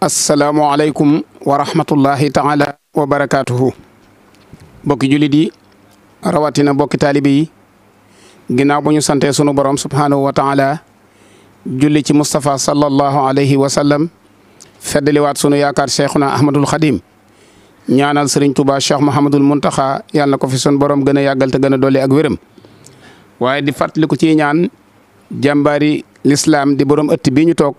asalaamualeykum wa rahmatullahi taala wa barakaatuhu bokki jullit yi rawatina bokki taalibe yi ginnaaw bu ñu sante sunu borom subhaanahu wa taala julli ci Moustapha sallallahu alayhi wa sallam feddaliwaat sunu yaakaar cheikhuna Ahmadul Xadim ñaanal sëriñ Touba cheikh Mouhamadul Muntaxa yàlla na ko fi sunu borom gën a yàggal te gën a dolli ak wéram waaye di fàttaliku ci ñaan jàmbaari lislaam di borom ëtt bii ñu toog.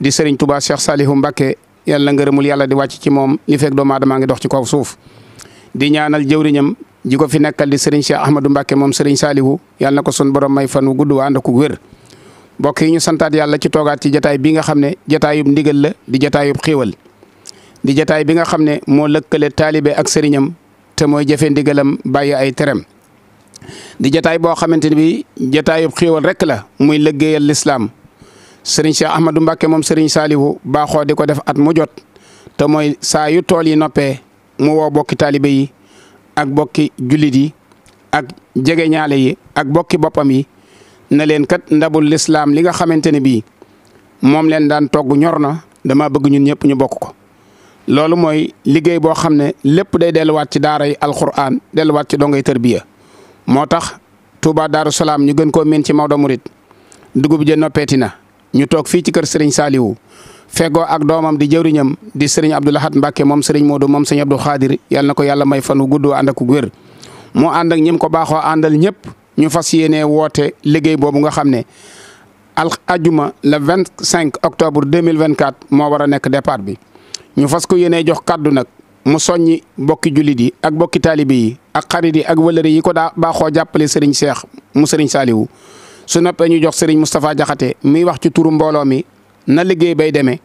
di sëriñ Touba Cheikh Salihu Mbacke yàlla ngërëmul yàlla di wàcc ci moom li fekk doomu aadama ngi dox ci kaw suuf di ñaanal jëwriñam ji ko fi nekkal di sëriñ Cheikh Ahmadou Mbacke moom sëriñ Salihu yàlla ko sun borom may fan wu gudd waa ànd wér mbokk yi ñu santaat yàlla ci toogaat ci jataay bi nga xam ne jataayub ndigal la di jataayub xéewal di jataay bi nga xam ne moo lëkkale taalibe ak sëriñam te mooy jëfe ndigalam bàyyi ay terem di jataay boo xamante ni bi jataayub xéewal rek la muy lëggéeyal lislaam sëriñ Cheikh Ahmadou Mbacke moom sëriñ Saliou baaxoo di ko def at mu jot te mooy saa yu tool yi noppee mu woo bokki taalibe yi ak bokki jullit yi ak jege ñaale yi ak bokki boppam yi ne leen kat ndabul lislaam li nga xamante ne bii moom leen daan togg ñor na dama bëgg ñun ñëpp ñu bokk ko. loolu mooy liggéey boo xam ne lépp day delluwaat ci daara yi alxuraan delluwaat ci dongay tërbiya moo tax Touba Darou Salaam ñu gën koo miin ci Maodo Mouride dugub ja noppeeti na ñu toog fii ci kër Serigne Saliou feggoo ak doomam di jëwriñam di Serigne Abdou Lahad Mbacke moom moo Modou moom Serigne Abdou Khadir yàlla na ko yàlla may fan wu gudd ànd ak wér moo ànd ak ñim ko baaxoo àndal ñëpp ñu fas yéenee woote liggéey boobu nga xam ne al ajuma la vingt cinq octobre deux mille vingt quatre moo war a nekk départ bi ñu fas ko yéenee jox kàddu nag mu soññi bokki jullit yi ak bokki taalibe yi ak xarit yi ak wëlëri yi ko daa baaxoo jàppale Serigne Cheikh mu Serigne Saliou su noppee ñu jox Serigne Moustapha Diakhaté miy wax ci turu mbooloo mi na liggéey bay demee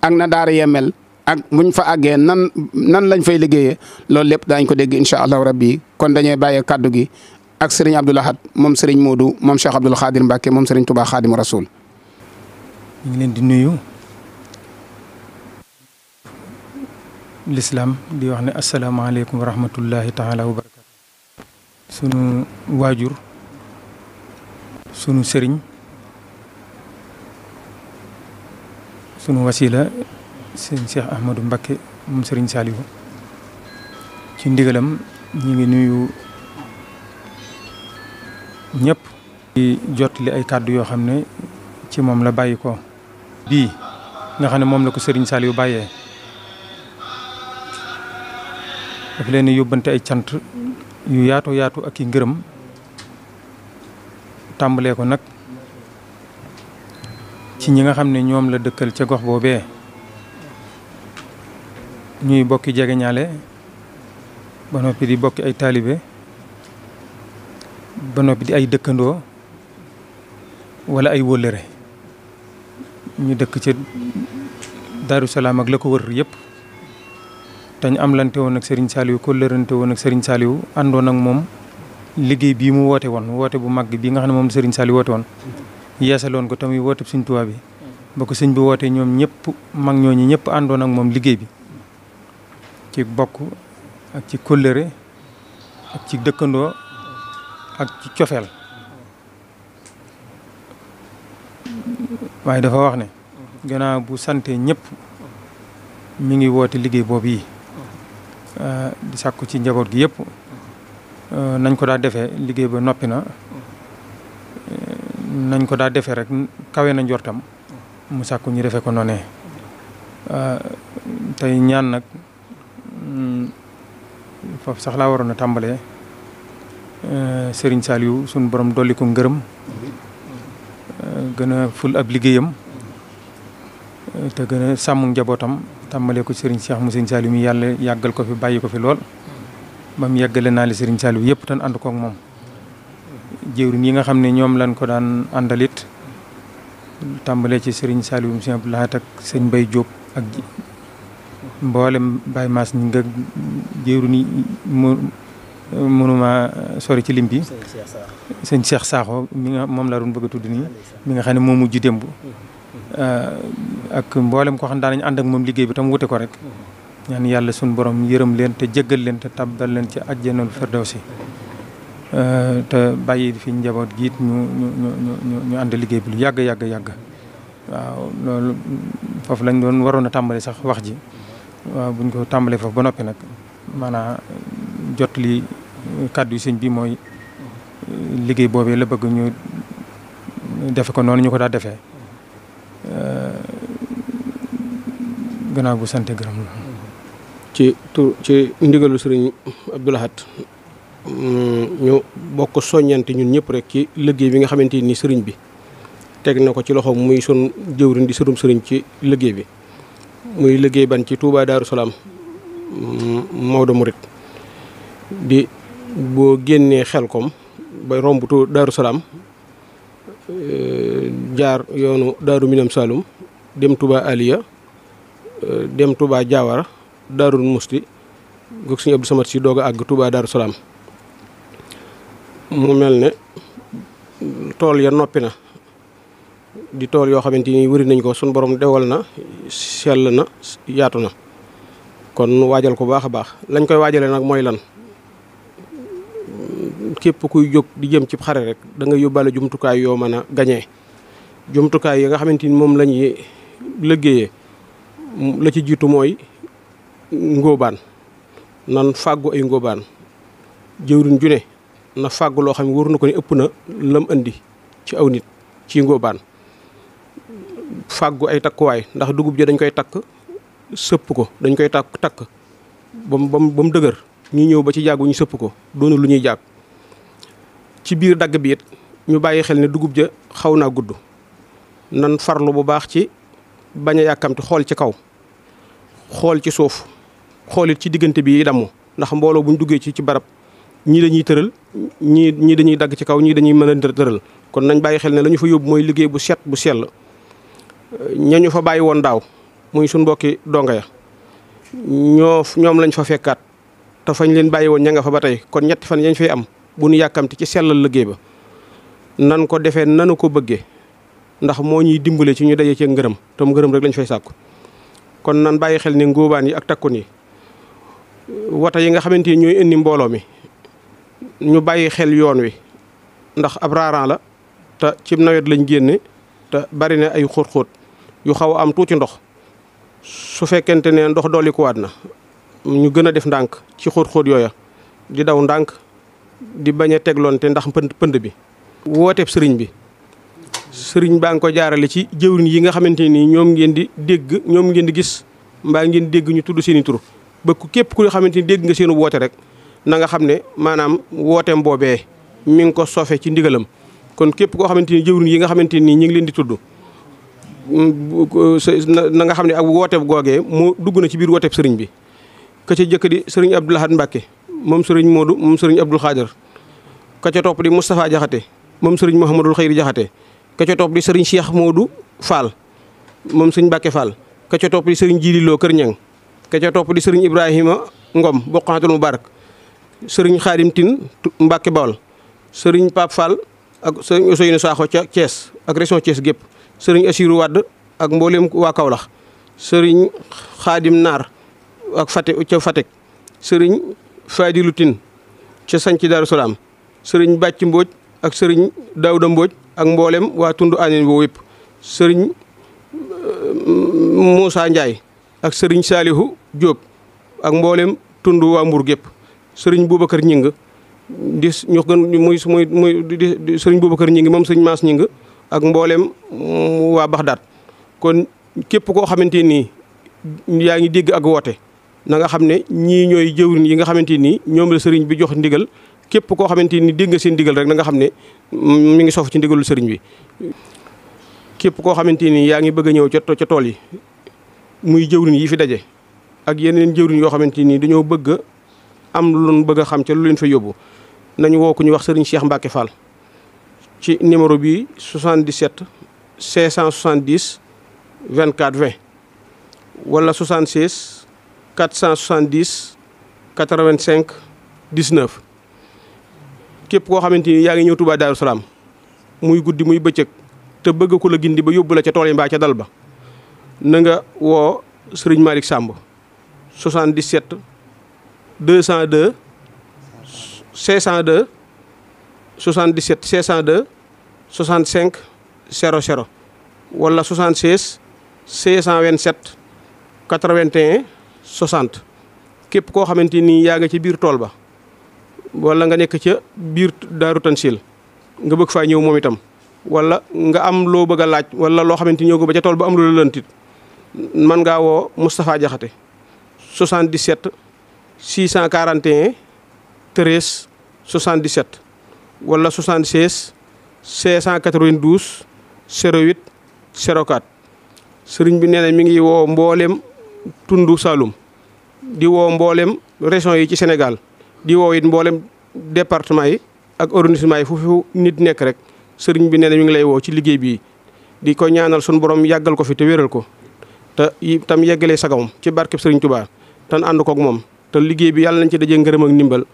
ak na daar yemel ak muñ fa àggee nan nan lañ fay liggéeye loolu lépp dañ ko dégg incha allahu rabbi kon dañuy bàyyee kaddu gi ak Serigne Abdoul Ahad moom Serigne Modou moom Cheikh Abdoul Khadir Mbacke moom Serigne Touba Khadim Rasoul. ñu ngi di nuyu. lislaam di wax ne asalaamaaleykum wa rahmatullahi taala wa sunu waajur. sunu sëriñ sunu wasila sëriñ Cheikh Ahmadou Mbacké moom sëriñ Saliou ci ndigalam ñu ngi nuyu ñëpp. di jot ay kàddu yoo xam ne ci moom la bàyyi ko bii nga xam ne moom la ko sëriñ Saliou bàyyee daf leen yóbbante ay cant yu yaato yaatu ak i ngërëm. tàmbalee ko nag ci ñi nga xam ne ñoom la dëkkal ca gox boobee ñuy bokki jegeñaale ba noppi di bokki ay taalibe ba noppi di ay dëkkandoo wala ay wóllëre ñu dëkk ca Daaru Salaam ak la ko wër yëpp dañ am lante woon ak sëriñ Saliou ko woon ak sëriñ Saliou àndoon ak moom liggéey bii mu woote woon woote bu mag bi nga xam ne moom Serigne Saliou woote woon yeesaloon ko tamit woote Serigne Touba bi ba ko sëñ bi wootee ñoom ñëpp mag ñooñu ñëpp àndoon ak moom liggéey bi ci bokk ak ci kóllëre ak ci dëkkandoo ak ci cofeel waaye dafa wax ne gannaaw bu sante ñëpp mu ngi woote liggéey boobu yi di sàkku ci njaboot gi yëpp Euh, nañ ko daa defee liggéey ba noppi na euh, nañ ko daa defee rek kawe na njortam mu sàkku ñu defee ko noonee euh, tey ñaan nag hmm, foofu sax laa waroon a tàmbalee Serigne Saliou suñu borom dolli ko ngërëm gën a ful ab liggéeyam te gën a sàmm njabootam tàmbalee ko Serigne Cheikh mu Serigne Saliou mi yàlla yàggal ko fi bàyyi ko fi lool. ba yeggale naa li Serigne Saliou yëpp tan ànd koog moom jëwriñ yi nga xam ne ñoom lañ ko daan àndalit tàmbale ci sëriñ Saliou si Abdou laa ak sëñ Bay jóob ak mboolem Baye Mass ñi nga jëwriñ sori ci lim bi sëñ Cheikh Sakho mi moom laa doon bëgg a mi nga xam ne moo mujj démb mm-hmm. euh, ak mboolem koo xam ne daanañ ànd moom liggéey bi tam wute ko rek mm-hmm. ñaan yàlla suñu boroom yërëm leen te jëggal leen te tàbbal leen ci àjjanul firdawsi euh, te bàyyi fi njaboot giit ñu ñu ñu ñu ñu ànd liggéey bi lu yàgg yàgg yàgg waaw loolu foofu lañ doon waroon a tàmbali sax wax ji waaw buñ ko tàmbalee foofu ba noppi nag maanaam jot li kàddu sëñ bi mooy liggéey boobee la bëgg ñu defe ko noonu ñu ko daa defee euh, gannaaw bu sant gërëm la ci tur ci ndigalu sëriñ Abdou mm, ñu bokk soññante ñun ñëpp rek ci liggéey bi nga xamante ni sëriñ bi teg na ko ci loxoom muy sun jëwriñ di sërum sëriñ ci liggéey bi muy liggéey ban ci Touba Daaru Salaam mm, Maodo Murit di boo génnee Xelkom ba romb tu Daaru eh, jaar yoonu Daaru Minam Saloum dem Touba Aliya eh, dem Touba Jaawara daarul musti goog suñu Abdou Samad si doog a àgg Touba Daaru Salaam mu mel ne tool ya noppi na di tool yoo xamante ni wëri nañ ko suñu borom dewal na sell na yaatu na kon waajal ko baax a baax lañ koy waajalee nag mooy lan képp kuy jóg di jëm ci xare rek da nga yóbbaale jumtukaay yoo mën a gañee jumtukaay yi nga xamante ni moom lañuy ñuy la ci jiitu mooy ngóobaan nan fàggu ay ngóobaan jëwriñ ju ne fàggu loo xam ne wóor na ko ne ëpp na lam andi ci aw nit ci ngóobaan fàggu ay takkuwaay ndax dugub ji dañ koy takk sëpp ko dañ koy takk takk bam dëgër ñu ñëw ba ci jàggu sëpp ko doonu lu ñuy jàgg ci biir dagg bi ñu bàyyi xel ne dugub ja xaw naa gudd nan farlu bu baax ci bañ a yàkkamti xool ci kaw xool ci suuf xoolit ci diggante bi damu ndax mbooloo ñu duggee ci ci barab ñii dañuy tëral ñii ñii dañuy dagg ci kaw ñii dañuy mën a tëral kon nañ bàyyi xel ne la fa yóbbu mooy liggéey bu set bu sell ñañu fa bàyyi woon daaw muy suñ mbokki donga ya ñoo ñoom lañ fa fekkaat te fañ leen bàyyi woon ña nga fa ba tey kon ñetti fan yañ fay am bu ñu yàkkamti ci sellal liggéey ba nan ko defee nanu ko bëggee ndax moo ñuy dimbale ci ñu daje ci ngërëm te mu ngërëm rek lañ fay sàkku kon nan bàyyi xel ne ngóobaan yi ak takkun yi wata yi nga xamante ni ñooy indi mbooloo mi ñu bàyyi xel yoon wi ndax ab raaraan la te ci nawet lañ génne te bari na ay xóot-xóot yu xaw a am tuuti ndox su fekkente ne ndox dooli doolikuwaat na ñu gën a def ndànk ci xóot-xóot yooya di daw ndànk di bañ a tegloonte ndax pënt pënd bi. wooteeb sëriñ bi sëriñ baa ngi ko jaarale ci jëwriñ yi nga xamante nii ñoom ngeen di dégg ñoom ngeen di gis mbaa ngeen dégg ñu tudd seeni tur. ba képp ku xamante ni dégg nga seen woote rek na nga xam ne maanaam wooteem boobee mi ngi ko sofe ci ndigalam kon képp koo xamante ni jëwriñ yi nga xamante ni ñu ngi leen di tudd mm, euh, na nga xam ne ak wooteeb googee moo dugg na ci biir wooteeb sëriñ bi ka jëkk di sëriñ Abdou Lahad Mbacke moom sëriñ Modou moom sëriñ Abdou Khadir ka ca topp di Moustapha Diakhaté moom sëriñ Mouhamadul Khayri Diakhaté ka ca topp di sëriñ Cheikh Modou Fall moom sëriñ Mbacke Fall ka ca topp di sëriñ Kër Ñang ka ca topp di sëriñ Ibrahima Ngom Bokhatul Mubarak sëriñ Xaadim Tin Mbacke Bawol sëriñ Pape Fall ak sëriñ Ousseynou Sakho ca Thiès ak région Thiès gépp sëriñ Assirou Wade ak mboolem waa Kaolack sëriñ Xaadim Naar ak Fatick ca sëriñ Fadilou Tin ca Santhi Darou Salaam sëriñ Bàcc Mbodj ak sëriñ Daouda Mbodj ak mboolem waa tund Agnane boobu yëpp sëriñ euh, Moussa Ndiaye. ak sëriñ Saalihu Jóob ak mboolem tund waa Mbuur gépp sëriñ Boubacar ñing di ñu gën muy muy muy di sëriñ Boubacar ñing moom sëriñ Maas ñing ak mboolem mm, waa Baxdaad kon képp koo xamante nii yaa ngi dégg ak woote na nga xam ne ñii ñooy jëwriñ yi nga xamante nii ñoom la sëriñ bi jox ndigal képp koo xamante ni dégg nga seen ndigal rek na nga xam ne mm, mi ngi sof ci ndigalul sëriñ bi képp koo xamante ni yaa ngi bëgg a ñëw ca ca tool yi muy jëwriñ yi fi daje ak yeneen jëwriñ yoo xamante ni dañoo bëgg am lu ñu bëgg a xam ca lu leen fa yóbbu nañu woo ku ñu wax sëriñ Cheikh Mbacke fal ci numéro bi 77 570 24 20 wala 76 470 85 19 képp koo xamante ni yaa ngi ñëw Touba Darou Salaam muy guddi muy bëccëg te bëgg ku la gindi ba yóbbu la ca tool yi mbaa ca dal ba. na nga woo Serigne Malick Samb 77 202 602 77 602 65 00 wala 76 627 81 60 képp koo xamante ni yaa ngi ci biir tool ba wala nga nekk ca biir Daaru Tansil nga bëgg faa ñëw moom itam wala nga am loo bëgg a laaj wala loo xamante ni ñëw ko ba ca tool ba am lu la man ngaa woo Moustapha Diakhaté 77 641 13 77 wala 76 692 08 04 sëriñ bi nee na mi ngi woo mboolem tundu Saloum di woo mboolem région yi ci Sénégal di woo it mboolem département yi ak arrondissement yi foofu nit nekk rek sëriñ bi nee na mi ngi lay woo ci liggéey bi di ko ñaanal sunu borom yàggal ko fi te wéral ko. te itam yeggalee sagamam ci barkeb Sëriñ Tuubaa te ànd koog moom te liggéey bi yàlla nañ ci dajee ngërëm ak ndimbal